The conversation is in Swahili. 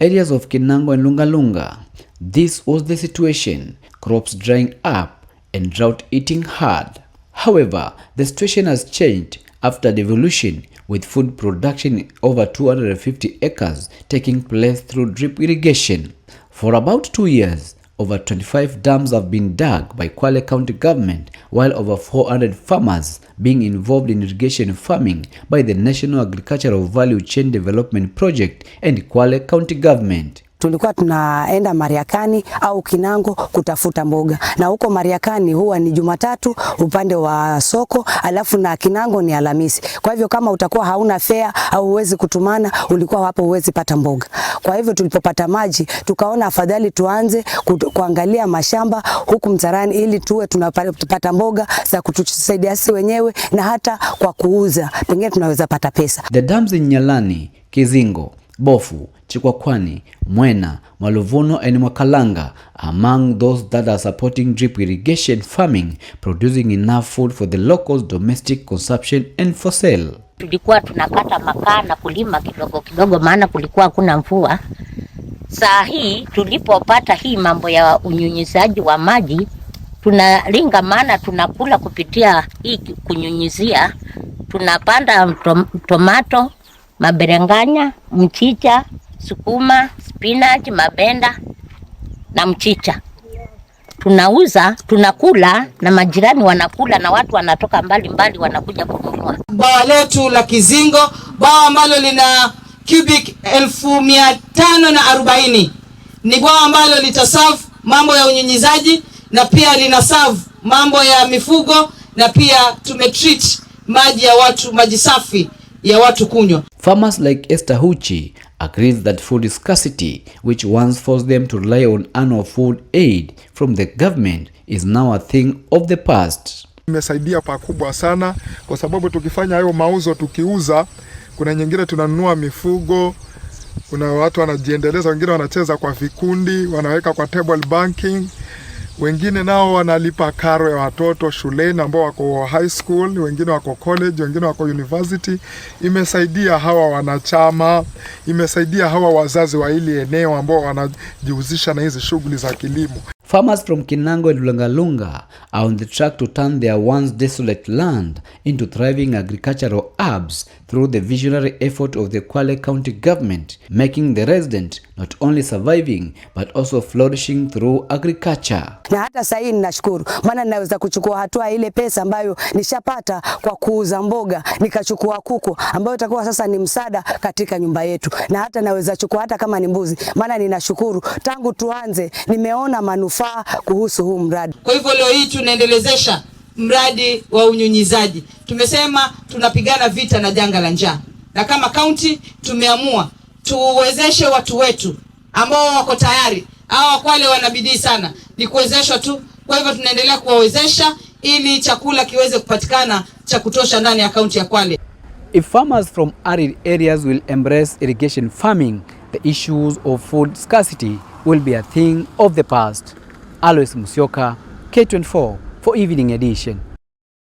areas of Kinango and Lungalunga. This was the situation, crops drying up and drought eating hard. However, the situation has changed after devolution with food production over 250 acres taking place through drip irrigation. For about two years, Over 25 dams have been dug by Kwale County government, while over 400 farmers being involved in irrigation farming by the National Agricultural Value Chain Development Project and Kwale County government tulikuwa tunaenda Mariakani au Kinango kutafuta mboga, na huko Mariakani huwa ni Jumatatu upande wa soko, alafu na Kinango ni Alhamisi. Kwa hivyo kama utakuwa hauna fea au huwezi kutumana, ulikuwa hapo huwezi pata mboga. Kwa hivyo tulipopata maji, tukaona afadhali tuanze kuangalia mashamba huku mtarani, ili tuwe tunapata mboga za kutusaidia sisi wenyewe na hata kwa kuuza, pengine tunaweza pata pesa. The dams in Nyalani, Kizingo Bofu, Chikwakwani, Mwena, Maluvuno and Mwakalanga among those that are supporting drip irrigation farming producing enough food for the locals domestic consumption and for sale. Tulikuwa tunakata makaa na kulima kidogo kidogo, maana kulikuwa hakuna mvua. Saa hii tulipopata hii mambo ya unyunyizaji wa maji tunalinga, maana tunakula kupitia hii kunyunyizia, tunapanda tomato maberenganya, mchicha, sukuma, spinach, mabenda na mchicha tunauza, tunakula na majirani wanakula na watu wanatoka mbali mbali wanakuja kununua. Bwawa letu la Kizingo, bwawa ambalo lina cubic elfu mia tano na arobaini ni bwawa ambalo litasave mambo ya unyunyizaji na pia lina mambo ya mifugo na pia tumetreat maji ya watu, maji safi ya watu kunywa. Farmers like Esther Huchi agrees that food scarcity which once forced them to rely on annual food aid from the government is now a thing of the past. Imesaidia pakubwa sana kwa sababu tukifanya hayo mauzo, tukiuza, kuna nyingine tunanunua mifugo, kuna watu wanajiendeleza, wengine wanacheza kwa vikundi, wanaweka kwa table banking wengine nao wanalipa karo ya watoto shuleni ambao wako high school, wengine wako college, wengine wako university. Imesaidia hawa wanachama, imesaidia hawa wazazi wa hili eneo ambao wanajihusisha na hizi shughuli za kilimo. Farmers from Kinango and Lungalunga are on the track to turn their once desolate land into thriving agricultural herbs through the visionary effort of the Kwale County government, making the resident not only surviving but also flourishing through agriculture. Na hata sahii ninashukuru, maana ninaweza kuchukua hatua ile pesa ambayo nishapata kwa kuuza mboga, nikachukua kuku ambayo itakuwa sasa ni msaada katika nyumba yetu, na hata naweza chukua hata kama ni mbuzi, maana ninashukuru tangu tuanze nimeona manufaa manufaa kuhusu huu mradi. Kwa hivyo leo hii tunaendelezesha mradi wa unyunyizaji. Tumesema tunapigana vita na janga la njaa, na kama kaunti tumeamua tuwezeshe watu wetu ambao wako tayari au wale wanabidii sana, ni kuwezeshwa tu. Kwa hivyo tunaendelea kuwawezesha ili chakula kiweze kupatikana cha kutosha ndani ya kaunti ya Kwale. If farmers from arid areas will embrace irrigation farming, the issues of food scarcity will be a thing of the past. Alois Musyoka, K24 for Evening Edition.